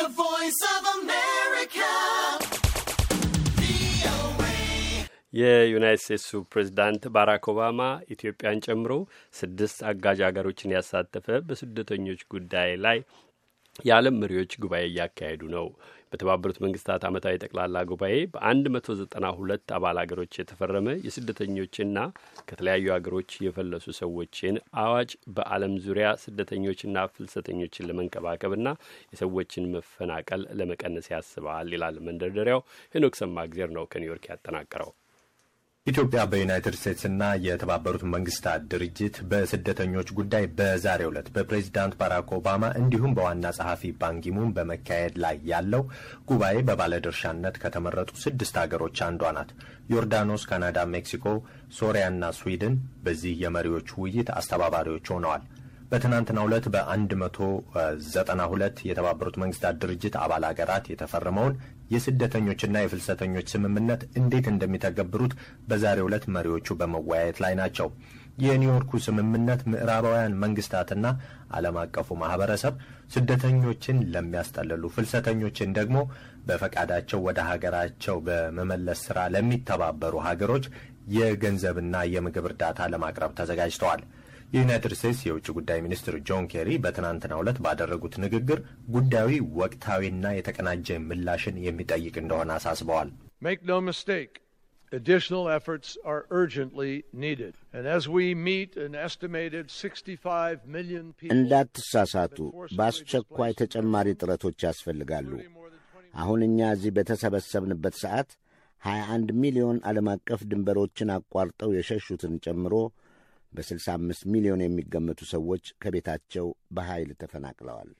The Voice of America. የዩናይት ስቴትሱ ፕሬዚዳንት ባራክ ኦባማ ኢትዮጵያን ጨምሮ ስድስት አጋዥ አገሮችን ያሳተፈ በስደተኞች ጉዳይ ላይ የዓለም መሪዎች ጉባኤ እያካሄዱ ነው። በተባበሩት መንግስታት ዓመታዊ ጠቅላላ ጉባኤ በ192 አባል አገሮች የተፈረመ የስደተኞችና ከተለያዩ አገሮች የፈለሱ ሰዎችን አዋጅ በዓለም ዙሪያ ስደተኞችና ፍልሰተኞችን ለመንከባከብና የሰዎችን መፈናቀል ለመቀነስ ያስባል ይላል መንደርደሪያው። ሄኖክ ሰማግዜር ነው ከኒውዮርክ ያጠናቀረው። ኢትዮጵያ በዩናይትድ ስቴትስና የተባበሩት መንግስታት ድርጅት በስደተኞች ጉዳይ በዛሬው ዕለት በፕሬዚዳንት ባራክ ኦባማ እንዲሁም በዋና ጸሐፊ ባንኪሙን በመካሄድ ላይ ያለው ጉባኤ በባለድርሻነት ከተመረጡ ስድስት ሀገሮች አንዷ ናት። ዮርዳኖስ፣ ካናዳ፣ ሜክሲኮ፣ ሶሪያና ስዊድን በዚህ የመሪዎች ውይይት አስተባባሪዎች ሆነዋል። በትናንትናው ዕለት በ192 የተባበሩት መንግስታት ድርጅት አባል አገራት የተፈረመውን የስደተኞችና የፍልሰተኞች ስምምነት እንዴት እንደሚተገብሩት በዛሬው ዕለት መሪዎቹ በመወያየት ላይ ናቸው። የኒውዮርኩ ስምምነት ምዕራባውያን መንግስታትና ዓለም አቀፉ ማህበረሰብ ስደተኞችን ለሚያስጠልሉ ፍልሰተኞችን ደግሞ በፈቃዳቸው ወደ ሀገራቸው በመመለስ ሥራ ለሚተባበሩ ሀገሮች የገንዘብና የምግብ እርዳታ ለማቅረብ ተዘጋጅተዋል። የዩናይትድ ስቴትስ የውጭ ጉዳይ ሚኒስትር ጆን ኬሪ በትናንትናው ዕለት ባደረጉት ንግግር ጉዳዩ ወቅታዊና የተቀናጀ ምላሽን የሚጠይቅ እንደሆነ አሳስበዋል። እንዳትሳሳቱ፣ በአስቸኳይ ተጨማሪ ጥረቶች ያስፈልጋሉ። አሁን እኛ እዚህ በተሰበሰብንበት ሰዓት 21 ሚሊዮን ዓለም አቀፍ ድንበሮችን አቋርጠው የሸሹትን ጨምሮ በ65 ሚሊዮን የሚገመቱ ሰዎች ከቤታቸው በኃይል ተፈናቅለዋል።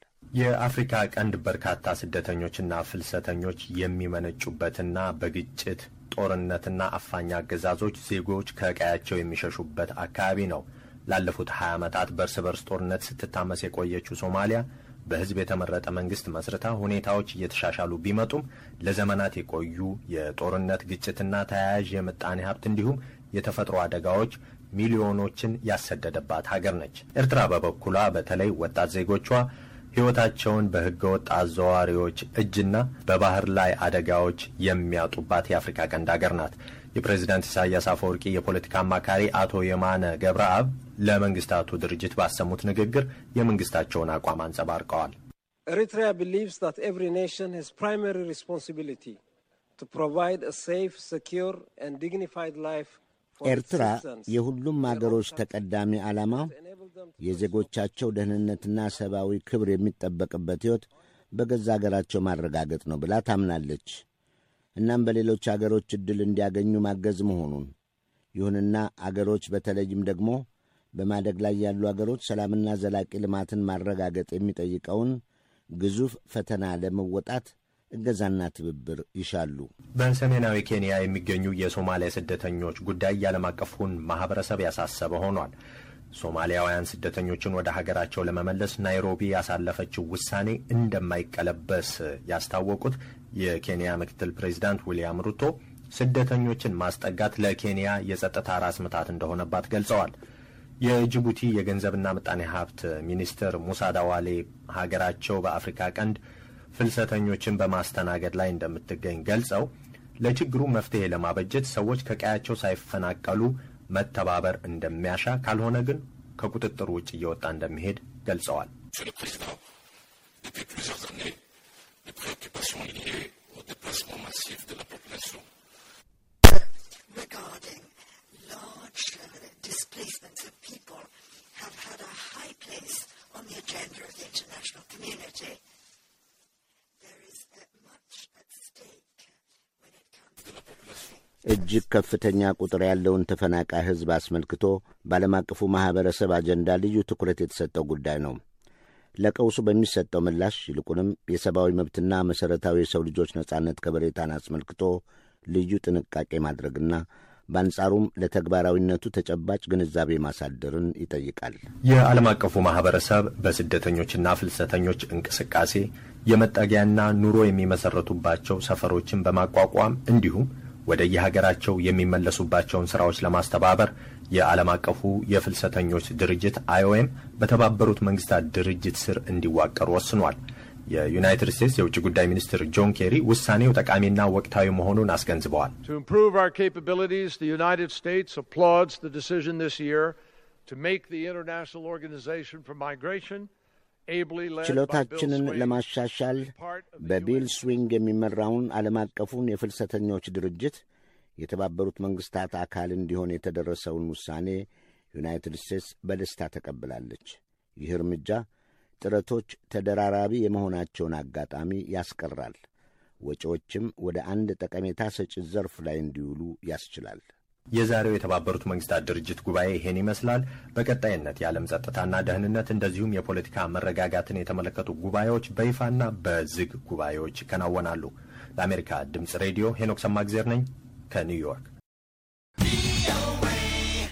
የአፍሪካ ቀንድ በርካታ ስደተኞችና ፍልሰተኞች የሚመነጩበትና በግጭት ጦርነትና አፋኝ አገዛዞች ዜጎች ከቀያቸው የሚሸሹበት አካባቢ ነው። ላለፉት 20 ዓመታት በእርስ በርስ ጦርነት ስትታመስ የቆየችው ሶማሊያ በሕዝብ የተመረጠ መንግስት መስርታ ሁኔታዎች እየተሻሻሉ ቢመጡም ለዘመናት የቆዩ የጦርነት ግጭትና ተያያዥ የምጣኔ ሀብት እንዲሁም የተፈጥሮ አደጋዎች ሚሊዮኖችን ያሰደደባት ሀገር ነች። ኤርትራ በበኩሏ በተለይ ወጣት ዜጎቿ ሕይወታቸውን በሕገወጥ አዘዋዋሪዎች እጅና በባህር ላይ አደጋዎች የሚያጡባት የአፍሪካ ቀንድ ሀገር ናት። የፕሬዚዳንት ኢሳያስ አፈወርቂ የፖለቲካ አማካሪ አቶ የማነ ገብረአብ ለመንግስታቱ ድርጅት ባሰሙት ንግግር የመንግስታቸውን አቋም አንጸባርቀዋል። ኤሪትሪያ ቢሊቭስ ዛት ኤቭሪ ኔሽን ሄዝ ፕራይማሪ ሪስፖንሲቢሊቲ ቱ ፕሮቫይድ ሴፍ ሴኪዩር ኤንድ ዲግኒፋይድ ላይፍ ኤርትራ የሁሉም አገሮች ተቀዳሚ ዓላማ የዜጎቻቸው ደህንነትና ሰብአዊ ክብር የሚጠበቅበት ሕይወት በገዛ አገራቸው ማረጋገጥ ነው ብላ ታምናለች። እናም በሌሎች አገሮች ዕድል እንዲያገኙ ማገዝ መሆኑን ይሁንና አገሮች በተለይም ደግሞ በማደግ ላይ ያሉ አገሮች ሰላምና ዘላቂ ልማትን ማረጋገጥ የሚጠይቀውን ግዙፍ ፈተና ለመወጣት እገዛና ትብብር ይሻሉ። በሰሜናዊ ኬንያ የሚገኙ የሶማሊያ ስደተኞች ጉዳይ የዓለም አቀፉን ማህበረሰብ ያሳሰበ ሆኗል። ሶማሊያውያን ስደተኞችን ወደ ሀገራቸው ለመመለስ ናይሮቢ ያሳለፈችው ውሳኔ እንደማይቀለበስ ያስታወቁት የኬንያ ምክትል ፕሬዚዳንት ዊልያም ሩቶ ስደተኞችን ማስጠጋት ለኬንያ የጸጥታ ራስ ምታት እንደሆነባት ገልጸዋል። የጅቡቲ የገንዘብና ምጣኔ ሀብት ሚኒስትር ሙሳ ዳዋሌ ሀገራቸው በአፍሪካ ቀንድ ፍልሰተኞችን በማስተናገድ ላይ እንደምትገኝ ገልጸው ለችግሩ መፍትሄ ለማበጀት ሰዎች ከቀያቸው ሳይፈናቀሉ መተባበር እንደሚያሻ ካልሆነ ግን ከቁጥጥር ውጭ እየወጣ እንደሚሄድ ገልጸዋል። እጅግ ከፍተኛ ቁጥር ያለውን ተፈናቃይ ሕዝብ አስመልክቶ በዓለም አቀፉ ማኅበረሰብ አጀንዳ ልዩ ትኩረት የተሰጠው ጉዳይ ነው። ለቀውሱ በሚሰጠው ምላሽ ይልቁንም የሰብአዊ መብትና መሠረታዊ የሰው ልጆች ነጻነት ከበሬታን አስመልክቶ ልዩ ጥንቃቄ ማድረግና በአንጻሩም ለተግባራዊነቱ ተጨባጭ ግንዛቤ ማሳደርን ይጠይቃል። የዓለም አቀፉ ማኅበረሰብ በስደተኞችና ፍልሰተኞች እንቅስቃሴ የመጠጊያና ኑሮ የሚመሠረቱባቸው ሰፈሮችን በማቋቋም እንዲሁም ወደ የሀገራቸው የሚመለሱባቸውን ስራዎች ለማስተባበር የዓለም አቀፉ የፍልሰተኞች ድርጅት አይኦኤም በተባበሩት መንግስታት ድርጅት ስር እንዲዋቀሩ ወስኗል። የዩናይትድ ስቴትስ የውጭ ጉዳይ ሚኒስትር ጆን ኬሪ ውሳኔው ጠቃሚና ወቅታዊ መሆኑን አስገንዝበዋል። ችሎታችንን ለማሻሻል በቢል ስዊንግ የሚመራውን ዓለም አቀፉን የፍልሰተኞች ድርጅት የተባበሩት መንግሥታት አካል እንዲሆን የተደረሰውን ውሳኔ ዩናይትድ ስቴትስ በደስታ ተቀብላለች። ይህ እርምጃ ጥረቶች ተደራራቢ የመሆናቸውን አጋጣሚ ያስቀራል፣ ወጪዎችም ወደ አንድ ጠቀሜታ ሰጪ ዘርፍ ላይ እንዲውሉ ያስችላል። የዛሬው የተባበሩት መንግስታት ድርጅት ጉባኤ ይሄን ይመስላል። በቀጣይነት የዓለም ጸጥታና ደህንነት እንደዚሁም የፖለቲካ መረጋጋትን የተመለከቱ ጉባኤዎች በይፋና በዝግ ጉባኤዎች ይከናወናሉ። ለአሜሪካ ድምፅ ሬዲዮ ሄኖክ ሰማግዜር ነኝ ከኒውዮርክ።